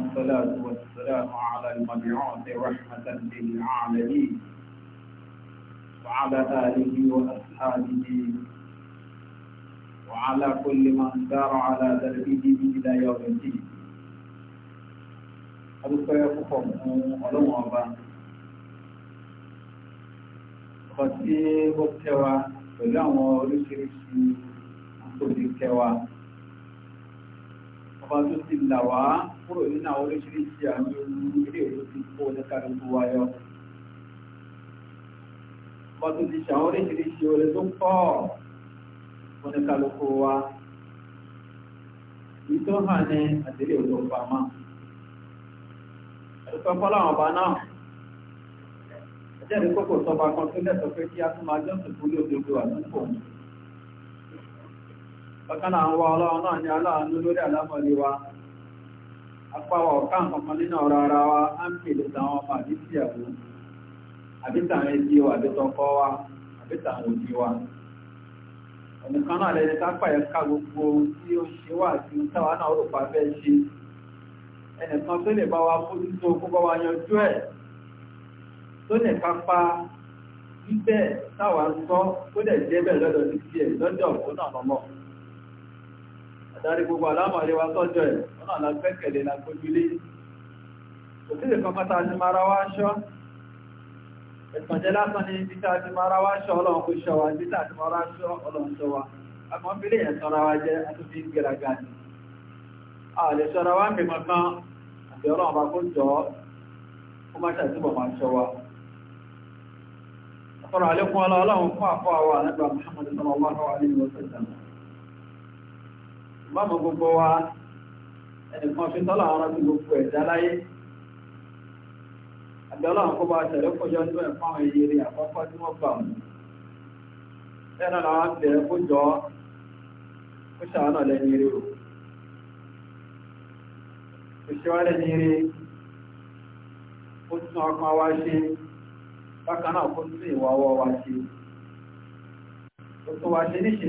والصلاة والسلام على المبعوث رحمة للعالمين وعلى آله وأصحابه وعلى كل من سار على دربه إلى يوم الدين adúpẹ́ púpọ̀ أبا ọlọ́run ọba ọkọ̀ tí ó kẹwa pẹ̀lú ọba tó ti là wá kúrò nínú àwọn oríṣiríṣi àwọn ilé ìlú ti kó oníkàlù tó wáyọ. ọba tó ti ṣàwọn oríṣiríṣi orí tó pọ̀ oníkàlù kó wá. èyí tó hàn ní àtẹ̀lé òjò pamọ́. ẹ̀rọ pẹ́ láwọn ọba náà. ẹjẹ́ ìdíkòkò sọba kan tó lẹ́tọ̀ọ́ pé kí a tún máa jọ́sìn fún ilé òjòjò àdúgbò ọ̀kan náà wà ọlọ́run náà ní aláàánú lórí àlámọ̀lé wa apáwà ọ̀kan kankan nínú ọ̀rọ̀ ara wa á ń pèlè tàwọn ọmọ àbísí àbú àbítàwọn ẹbí wa àbítọkọ wa àbítàwọn òbí wa ọ̀nìkan náà lẹ́ni kápá ẹ̀ ká gbogbo tí ó ṣe wà àti táwa náà pa ṣe ẹnìkan tó lè bá wa tó kó bá wa yanjú ẹ̀ tó lè kápá bíbẹ̀ táwa Àdárí gbogbo alámọ̀lẹ́wà tọ́jọ́ ẹ̀, ọ̀nà àlágbẹ́kẹ̀lẹ̀ na Òtí lè kan pátá ti mara wá ṣọ́, ẹ̀tànjẹ́ lásán ní ibi tá ti mara wá ṣọ́ ọlọ́run kò wa, ibi tá ti mara ṣọ́ ọlọ́run ṣọ́ A A mọ́mọ̀ gbogbo wa ẹnìkan fi tọ́lọ̀ àwọn ọmọ gbogbo ẹ̀dá láyé àbẹ́lọ́ àwọn kọ́bọ̀ àtẹ̀lẹ́ kọjọ́ ní ẹ̀fọ́ àwọn èyí rí àkọ́kọ́ tí wọ́n gbà mú ẹ̀nà làwọn bẹ̀rẹ̀ kó jọ kó ṣàánà o kò ṣe wá lẹ́ni rí ó tún ọkàn wa ṣe bákan náà kó tún ìwà ọwọ́ wa ṣe ó tún ṣe níṣe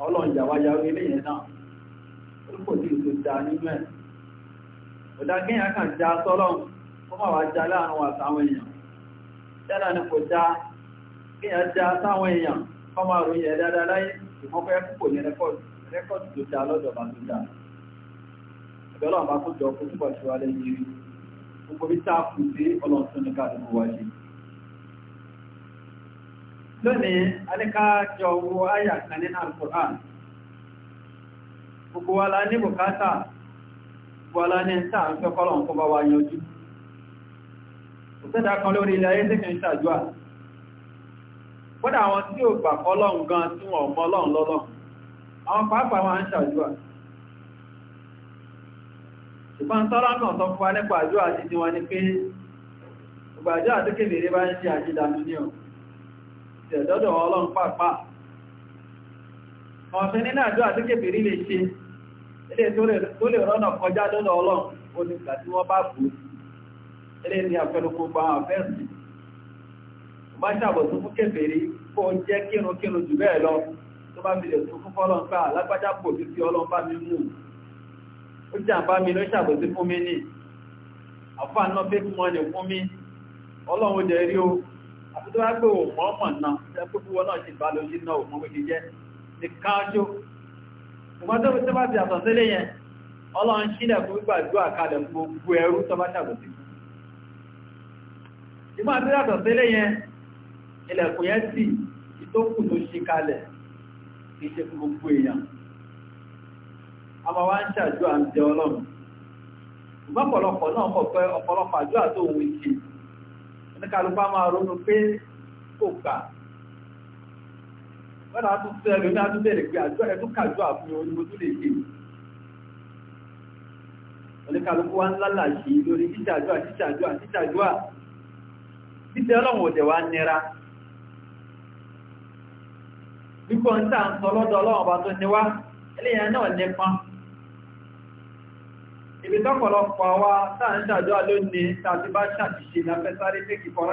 ọlọ́run jàwáyà eléyìn náà ó kò sí ìtò da nínú ẹ̀ ọ̀dá gẹ́yàn kan já sọ́lọ́run ó máa wá já láàrin wà sáwọn èèyàn dáadáa ni kò já gẹ́yàn já sáwọn èèyàn kọ́ máa ròyìn ẹ̀ dáadáa láyé tó dá bá tó dá lónìí aníkájọ owó ayà kan nínú alkùnrán gbogbo wa la ní bùkátà gbogbo wa la ní ń ń fẹ́ kọ́lọ̀ ń kọ́ bá wa yanjú òṣèdá kan lórí ilẹ̀ ayé tí kìí ṣàjúà kódà àwọn tí gbà gan tí wọ́n mọ́ lọ́n lọ́lọ́ àwọn pàápàá wọn ń ṣùgbọ́n tọ́lá náà sọ fún wa nípa àti tiwọn ni pé tẹ̀ lọ́dọ̀ ọlọ́run pàápàá ọ̀sẹ̀ nínú àjọ àti kèfèrí lè ṣe ilé tó lè rọ́nà kọjá lọ́dọ̀ ọlọ́run ó ní ìgbà tí wọ́n bá bú ilé ní àfẹ́lùkú gba àfẹ́sì bá ṣàbọ̀tún fún kèfèrí kó jẹ́ kírùnkírùn jù bẹ́ẹ̀ lọ tó bá fi lè tún fún fọ́lọ́n pé alágbájá pò sí sí ọlọ́n bá mi mú ó jà bá mi ló ṣàbọ̀tún fún mi ní àfáà náà fake money ọlọ́run dẹ̀ rí o ẹkùtù wọn náà ti bá lójú náà ò mọ́ wé jẹ́ ti káájú ṣùgbọ́n tó fi tó bá ti àtọ̀ sílé yẹn ọlọ́run sílẹ̀ fún gbígbàdúrà kalẹ̀ fún gbogbo ẹrú tó bá ṣàbòsí ìgbà tó yàtọ̀ sílé yẹn ilẹ̀kùn yẹn sì ìtókù ló ṣe kalẹ̀ kì í a máa wá ń ṣàdúrà ń jẹ ọlọ́run ṣùgbọ́n ọ̀pọ̀lọpọ̀ náà kọ̀ pé ọ̀pọ̀lọpọ̀ àdúrà tó ń wí kì oníkàlùkù á máa ronú pé kò gbà wọ́n náà tún sẹ́lú ní àtúnṣe rẹ̀ pé àjọ ẹ̀tún kàjọ àfihàn onímọ̀ tó lè ṣe oníkàlùkù wa ń lálà sí lórí títàjúà títàjúà a? títẹ́ ọlọ́run òdẹ̀ ibi ṣàjọ́ lónìí tàbí bá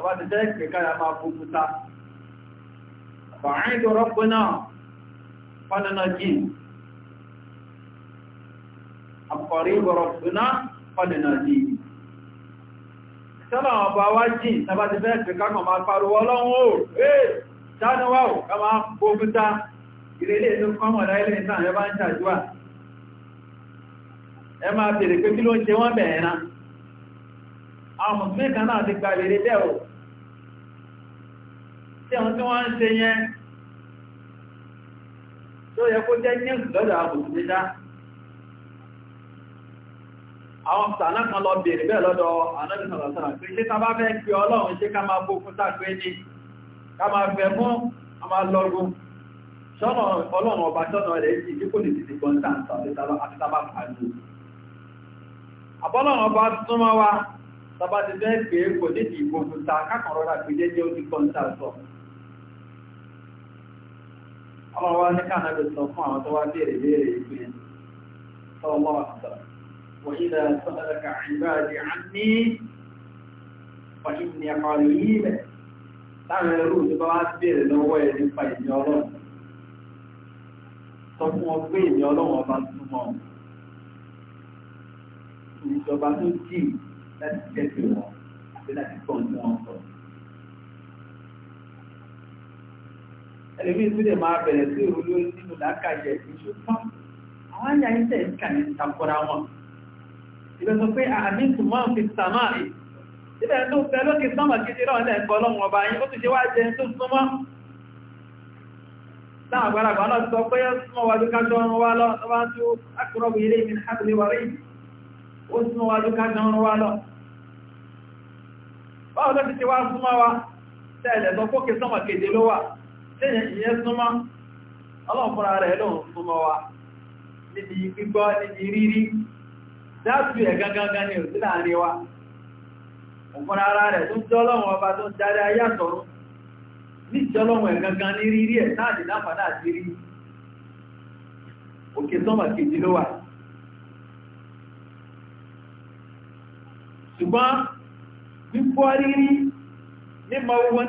tàbá ti jẹ́ ìpè káyà máa fojú ta fàáyìn tó rọ́pù náà fánàná jì àpọ̀rí rọ́pù náà fánàná jì sọ́nà ọba wá jì tàbá ti jẹ́ ìpè káyà máa pariwo ọlọ́run ó ee sáníwáwò ká máa fojú ta ìrẹ́lẹ̀ inú kọmọ̀lá ilé ìtàn àwọn mùsùlùmí kan náà ti gba ìrẹ́lẹ̀ o tí àwọn tí wọ́n ń ṣe yẹn tó yẹ kó jẹ́ ní lọ́dọ̀ àbòsílẹ́dá àwọn sàánà kan lọ bèèrè bẹ́ẹ̀ lọ́dọ̀ anábìsọ̀rọ̀sọ̀rọ̀ pé ọlọ́run ọba ṣọ́nà rẹ̀ sí ní kò lè ti gbọ́n tàǹtà àti tábà pàdé àbọ́lọ́run ọba túnmọ́ wa tàbá pé kò ní ti ta kákànrọ́ra pé jẹ́jẹ́ ó ti gbọ́n tàǹtà ọmọ wa ní káànábì sọ fún àwọn tó wá béèrè béèrè ìlú yẹn sọ́ọ̀mọ́ àtọ̀ wọ́n ilẹ̀ sọ́dọ̀lẹ́kà ìbáàdì àní wọ́n ní àpàrí ilẹ̀ láàrin ẹrú tó bá wá béèrè lọ́wọ́ ẹ̀ nípa ìní ọlọ́run sọ fún wọn pé ọlọ́run ọba ẹlẹ́bí tó lè máa bẹ̀rẹ̀ sí ìrúlé nínú làákàjẹ́ ìṣú tán àwọn àyà ń tẹ̀ ń kà ní takora wọn ìbẹ̀ sọ pé àmì tó máa ń fi sàmà rí ìbẹ̀ tó fẹ́ lókè sọ́mà kejì náà lẹ́ ẹ̀kọ́ ọlọ́run ọba yín ó ti ṣe wá jẹ tó súnmọ́ láwọn àgbàlagbà náà sọ pé súnmọ́ wájú kájọ ọrùn wa lọ tó bá ń tó akọrọ̀bù ilé ìmìn àbúlé wa rí ó súnmọ́ wájú kájọ ọrùn wa lọ báwo ló ti ṣe wá súnmọ́ wa tẹ́ẹ̀lẹ̀ sọ pókè sọ́mà kejì ló tẹ́yìn ìyẹn súnmọ́ ọlọ́run fúnra rẹ̀ ló ń súnmọ́ wa níbi gbígbọ́ níbi rírí dáàtù ẹ̀ gangan ni òsí láàrin wa òfúnra ara rẹ̀ tó ń ọba tó ẹ̀ gangan ní rírí ẹ̀ táàdì ogun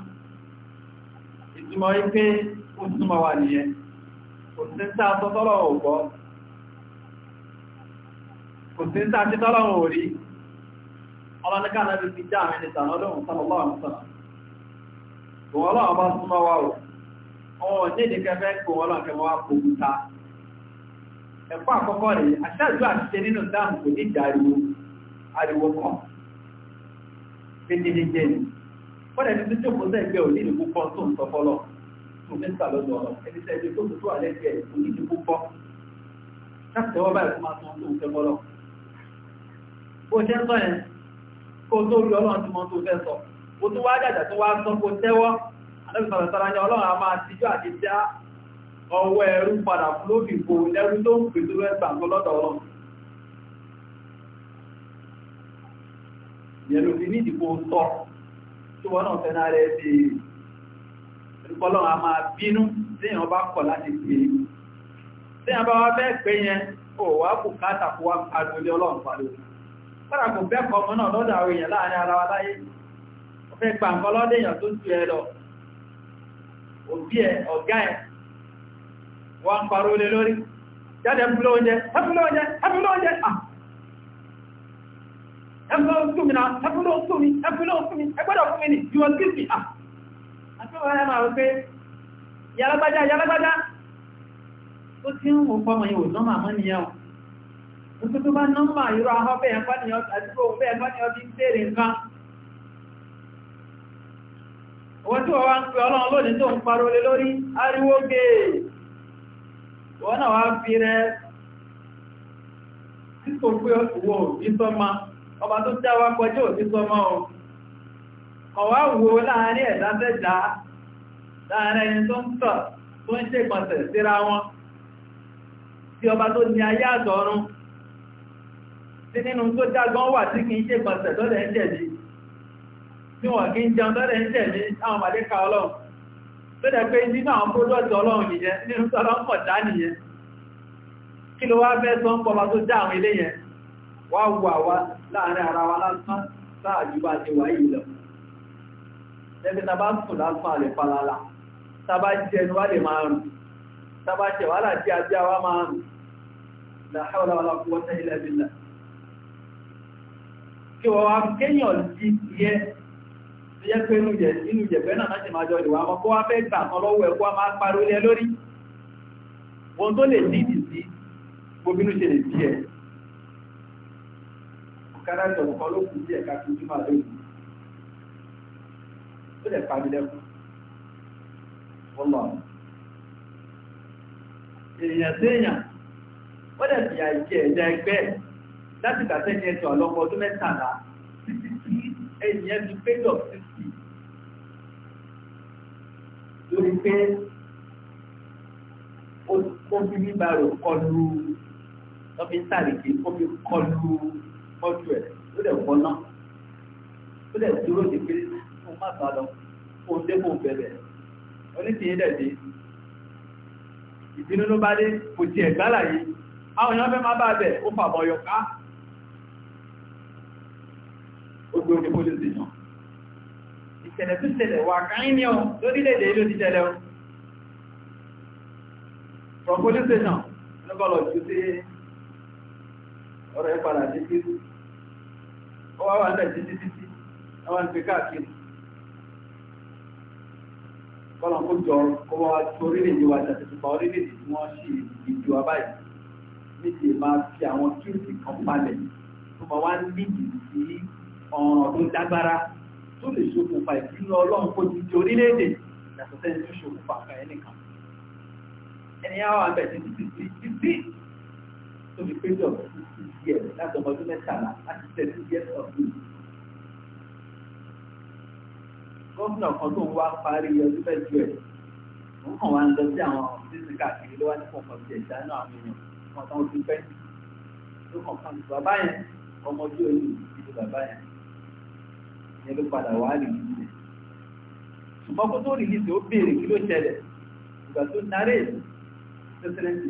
ìtumọ̀ ipé ó túnmọ̀ wà nìyẹn kò sí ń tàà tọ́tọ́lọ̀ ògbọ́ kò sí ń tàà títọ́lọ̀ òrí ọlọ́nìká náà ti já àmì nìta lọ́dún sọ́lọ́lọ́ àmúsọ̀nà kò wọ́n lọ́wọ́ bá nke wà fọ́dẹ̀ ní títí òkú sẹ́gbẹ́ òní ìlú púpọ̀ tó ń sọ fọ́lọ̀ tó ní sà lọ́dọ̀ ọ̀rọ̀ ẹni sẹ́gbẹ́ tó tó àlẹ́gbẹ́ òní ìlú púpọ̀ láti ọwọ́ báyìí fún máa tó ń fẹ́ fọ́lọ̀ ó jẹ́ sọ yẹn kó tó rí ọlọ́run tí wọ́n tó fẹ́ sọ ó tó wá dàjà tó wá sọ kó tẹ́wọ́ alẹ́bìsọ̀rọ̀ sára ní ọlọ́run a máa tí na náà fẹ́nà rẹ̀ bí ìrúkọ́lọ́ a máa bínú tí èèyàn bá kọ̀ láti pè é tí èèyàn bá wá fẹ́ pé yẹn ò wá kù káàtà kó wá agolé ọlọ́run pàdé fún mi náà ẹfún ló fún mi ẹfún mi fún mi ní you must give me ah àti wọn ẹ máa pé yàlágbájá yàlágbájá tó ti ń wò fọmọ yìí nọ́mà o tó tó bá nọ́mà irú ahọ́ bẹ́ẹ̀ ni ọtí títò pé ọba tó dá wa kọjọ́ òní sọmọ o kọ̀wá wo láàrin ẹ̀dá tẹ́jà láàrin ẹni tó ń tọ̀ tó ń ṣègbọ̀nsẹ̀ síra wọn tí ọba tó ní ayé àtọ̀run tí nínú tó dágbọ́n wà tí kì í ṣègbọ̀nsẹ̀ lọ́dẹ̀ ń jẹ̀bi tí wọ́n kí ń jẹun lọ́dẹ̀ ń jẹ̀bi àwọn màdéka ọlọ́run tó dẹ̀ pé nínú àwọn pólọ́tì ọlọ́run nìyẹn nínú tọ́lọ́ pọ̀ dá nìyẹn kí ló wá fẹ́ sọ ń pọ̀ ọba tó dá àwọn ilé yẹn wá wù àwa láàrin ara wa lásán láàjú bá ti wà yìí lọ ẹgbẹ́ tàbá sùn lásán àlè falala tàbá jẹ ẹnu wà lè máa rùn tàbá jẹ wàhálà tí a bí a wá máa rùn la hawla wala quwwata illa billah kí wọ́n wá kéèyàn di yẹ tó yẹ pé inú jẹ̀fẹ́ lè nídìí sí gbogbo inú ṣe lè bí ẹ̀ kára ìjọ̀wọ̀ kan ló kù díẹ̀ ká tún jùmọ̀ lónìí ó lè pa mi lẹ́kùn ọlọ́ èèyàn séèyàn ó lè fi àìkẹ́ ẹ̀dá ẹgbẹ́ láti gbàtẹ́ ní ẹ̀tọ́ ọlọ́pọ̀ ọdún mẹ́tàlá títí tí ẹ̀yìn ẹ̀dùn péjọ títí lórí pé ó fi bíbá rò kọlu ó fi ń sàrìkì ó fi kọlu ọjọ́ ẹ̀ ó dẹ̀ wọ́n náà ó dẹ̀ dúró di pé mo má sá lọ kó dé kó bẹ̀rẹ̀ onítìyín dẹ̀ dé ìbínú ló bá dé kò tiẹ̀ gbálà yìí àwọn èèyàn fẹ́ má bá bẹ̀ ó fà bọ̀ yọ̀ká ó gbé oní police station ìṣẹ̀lẹ̀ tó ṣẹlẹ̀ wà káyín ní ọ lórílẹ̀-èdè ìlú ti ṣẹlẹ̀ ọ from police station ló bọ̀ lọ jù sí ọ̀rọ̀ ẹ̀ padà sí kíkú ọwọ́ wà lẹ́ títí títí àwọn ìpè káàkiri kọ́nà kó jọ kó wá orílẹ̀-èdè wa jà tuntun pa orílẹ̀-èdè tí wọ́n ṣe ìjọ abáyé níbi máa fi àwọn kírísì kan palẹ̀ tó máa wá níbi sí ọ̀ràn tó dágbára tó lè ṣokùnfà ìpínlẹ̀ ọlọ́run kó ti di orílẹ̀-èdè yàtọ̀ sẹ́ni tó ṣokùnfà àkà ẹnìkan ẹni àwọn àbẹ̀ títí títí tó fi péjọ sí díẹ̀ láti ọmọ ọdún mẹ́tàlá láti tẹ̀sí díẹ̀ ọdún. gómìnà kan tó ń wá parí ọdún mẹ́jọ ẹ̀ wọ́n kàn wá ń lọ sí àwọn bísí káàkiri ló wá ní kọ̀ọ̀kan ti ẹ̀dá náà àwọn èèyàn wọn táwọn ti pẹ́ ló kàn kan ti bàbá yẹn ọmọ ojú òní ìdí bàbá yẹn ìyẹn ló padà wá rí ìlú rẹ̀ ṣùgbọ́n kó tó rí ìlú ó béèrè kí ló ṣẹlẹ̀ ìgbà tó narí ìlú pẹ́sẹ́rẹ́ǹtì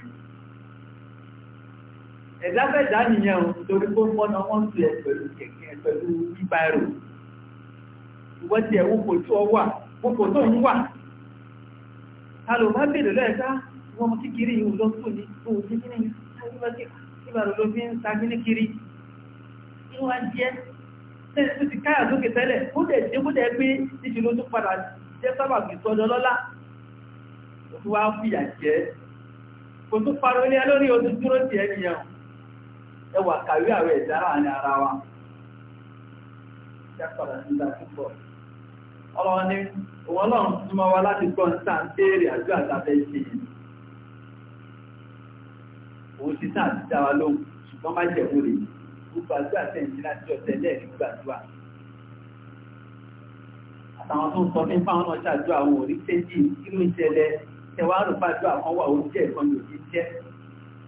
ẹ̀dá fẹ́dá o torí kó mọ́nà wọ́n ti ẹ̀ pẹ̀lú kẹ̀kẹ́ pẹ̀lú bíbáìrò ìwọ́n ti ẹ̀ wọ́pọ̀ tó ọ wà wọ́pọ̀ tó ń wà ta ló bá bèèrè lẹ́ẹ̀ká wọ́n mú kíkiri ìhùn lọ sùn ní ohun tí kíní ìbàrò ló fi ń ta kíní kiri inú wa jẹ́ tẹ́lẹ̀ tó ti káyà lókè tẹ́lẹ̀ kó dẹ̀ dé kó dẹ̀ pé níṣe ló tún padà jẹ́ sábàbí sọ́dọ̀ lọ́lá ó tún wá ẹwà kàwé àwẹ̀ ìdára ní ara wa jápàdà nígbà púpọ̀ ọlọ́wọ́ ní òun náà súnmọ́ wa láti gbọ́ ń òun ti tàn àti dáwà lóhùn ṣùgbọ́n má jẹ̀wò rè gbogbo àjọ àtẹ̀yìntì láti ọ̀tẹ̀ lẹ́ẹ̀rí gbàdúrà àtàwọn tó ń sọ fún fáwọn náà ṣàjọ àwọn òrí tẹ́jì kí ló ń ṣẹlẹ̀ tẹwàá rò pàjọ àwọn wà ó jẹ́ jẹ́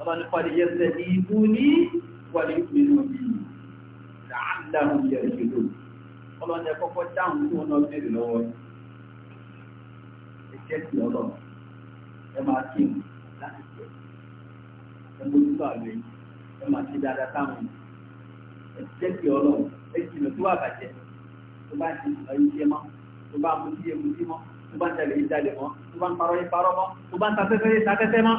ọlọ́ni kọ́lé yẹ ṣe ìbú ní wọlé ìpinnu láàdáhùn yẹ ìṣèlú ọlọ́ni ẹ kọ́kọ́ dáhùn tó náà bèrè lọ́wọ́ ẹ jẹ́ sí ọlọ́ ẹ máa kí n láti pẹ́ ẹ mójú tó àlọ́ yìí ẹ máa ṣe dáadáa táwọn ẹ jẹ́ sí ọlọ́ ẹ jìnà tó wà bàjẹ́ tó bá ti ọyún jẹ mọ́ tó bá mú sí ewu sí mọ́ tó bá ń jalè ìjalè mọ́ tó bá ń parọ́ ìparọ́ mọ́ tó bá ń ta tẹ́tẹ́ mọ́.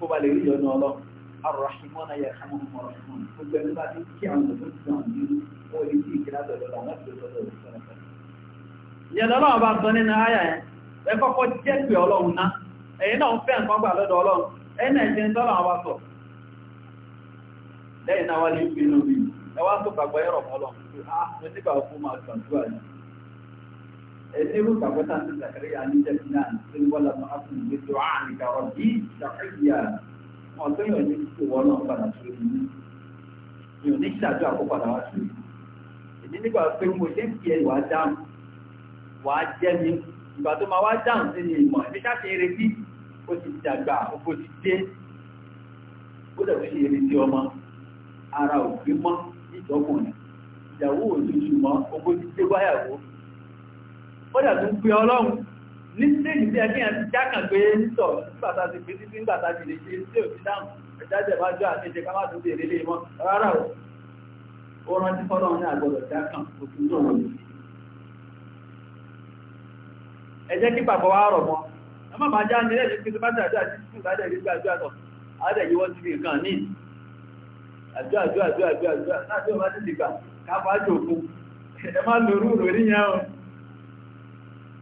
kó ba lè rí ìyọnu ọlọ́ arọ̀ṣìmọ́nà yẹ kámọ́ mọ̀rọ̀ fún un gbogbo ẹni bá ti tó ti sàn ní wọ́n lè kí bá ẹ̀dẹ́rù pàpọ́tà sí Zakariya ní jẹ́bìnà tí wọ́n lọ́nà ápùn ní tó àrùn ìkàwọ́ bí Zakariya wọn tó yàn ní kí wọ́n náà padà sórí mi mi ò ní ṣàjọ àkópadà wá sí ìdí nígbà pé mo ṣe ń fi ẹwà dáhùn wà jẹ́ mi ìgbà tó máa wá dáhùn sí ni ìmọ̀ ẹ̀mí ká ṣe retí ó ti dàgbà ó ti dé ó dẹ̀ fi ṣe di ọmọ ara òfin mọ́ ìjọkùnrin ìyàwó òtútù mọ́ ogójì dé báyàwó ó dẹ̀ tún pé ọlọ́run ní stéèjì tí ẹgbẹ́ yẹn jákàn pé ń sọ nígbàtà ti pé títí nígbàtà lè ṣe tí ò ti dáhùn ẹ̀jáde bá jọ àti ìṣe káwá tó lè mọ́ rárá o ó rántí fọ́lọ́ ní àgbọ̀dọ̀ jákàn òfin ẹ jẹ́ kí rọ̀ mọ́ ẹ má bàa já ní ilé ìlú yíwọ́ nǹkan ní ọmọ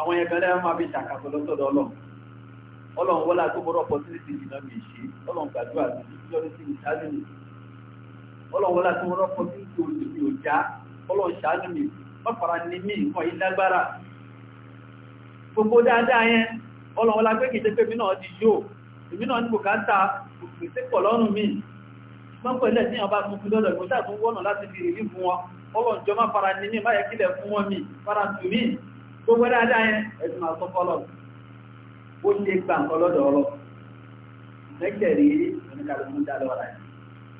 àwọn yẹn fẹ́lẹ́ máa fi ṣàkàtọ̀ lọ́sọ̀dọ̀ ọlọ́run ọlọ́run wọlé àtúbọ̀rọ̀ opportunity ìdìnnà mi ṣe ọlọ́run gbàdúrà sí ìjọba sí ìṣáájú mi ọlọ́run wọlé àtúbọ̀rọ̀ opportunity òjò mi ò já ọlọ́run ṣáájú mi mọ́fara ni mí nǹkan yìí lágbára gbogbo dáadáa yẹn ọlọ́run wọlé pé kìí ṣe pé mi náà ti yó èmi náà ní bùkátà pèsè pọ̀ lọ́rùn mi mọ́pọ̀ ilẹ̀ tí ọba tuntun lọ́dọ̀ mi fara gbogbo dáadáa yẹn ẹ̀sùn máa sọ fọ́lọ̀ ó ṣe gbà nǹkan lọ́dọ̀ ọ̀rọ̀ lẹ́kẹ̀ rí oníkàlùkù dá lọ́ra yìí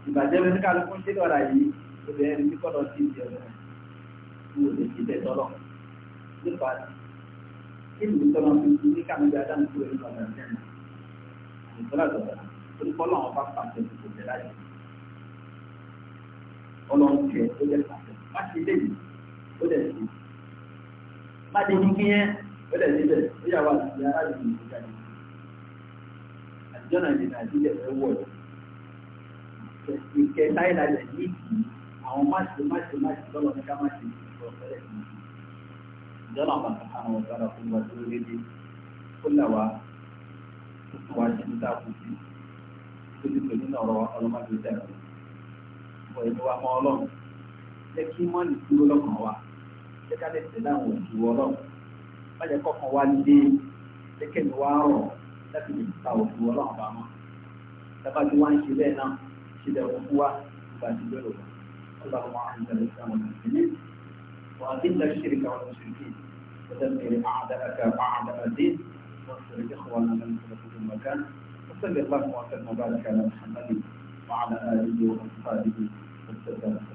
ìbàjẹ́ oníkàlùkù ṣe lọ́ra yìí obìnrin ní kọ́lọ̀ sí ìdí ọ̀rọ̀ ní òde sí ìbẹ̀ tọ́lọ̀ nípa kí ni tọ́lọ̀ fi ti ní kàmíjà dáhùn kúrò nínú ọ̀rọ̀ ẹ̀sẹ̀ náà ìtọ́lá dọ̀dọ̀ oníkọ́lọ̀ wọn bá pàṣẹ kò tẹ̀ láyé ọlọ́run tiẹ̀ ó jẹ́ pàṣẹ bá ti di kí yẹn ó lẹ̀ níbẹ̀ ó yà wá àti ara ìlú ìlú jáde àtijọ́ náà lè nà àti ilẹ̀ fẹ́ wọ̀ ọ́ ìkẹ́ táyìlá lẹ̀ ní àwọn máṣe máṣe máṣe lọ́lọ́ ní ká máṣe ọ̀fẹ́rẹ́ ìjọ́nà àbàtà àwọn ọ̀gára fún wa tó lédè kó là wá tuntun wa ṣe ń ta kù sí tó ti pè nínú ọ̀rọ̀ ọlọ́mọdé dẹ̀rọ̀ wọ̀ ìlú wa mọ́ ọlọ́run jẹ́ kí mọ́ọ̀lì jẹ́ ká lè tẹ̀lé àwọn òjò ọlọ́run má jẹ́ kọ́kàn wá lé lékè mi wá rọ̀ láti lè ta òjò ọlọ́run bá mọ́ dábàá tí wọ́n ń ṣe bẹ́ẹ̀ náà wa nípa olorun ba mo dabaa n se bee rẹ̀ اللهم أعز الإسلام والمسلمين وأذل الشرك والمشركين ودمر أعداءك أعداء الدين وانصر إخوانا من في كل مكان وصلى اللهم وسلم وبارك على محمد وعلى آله وأصحابه وسلم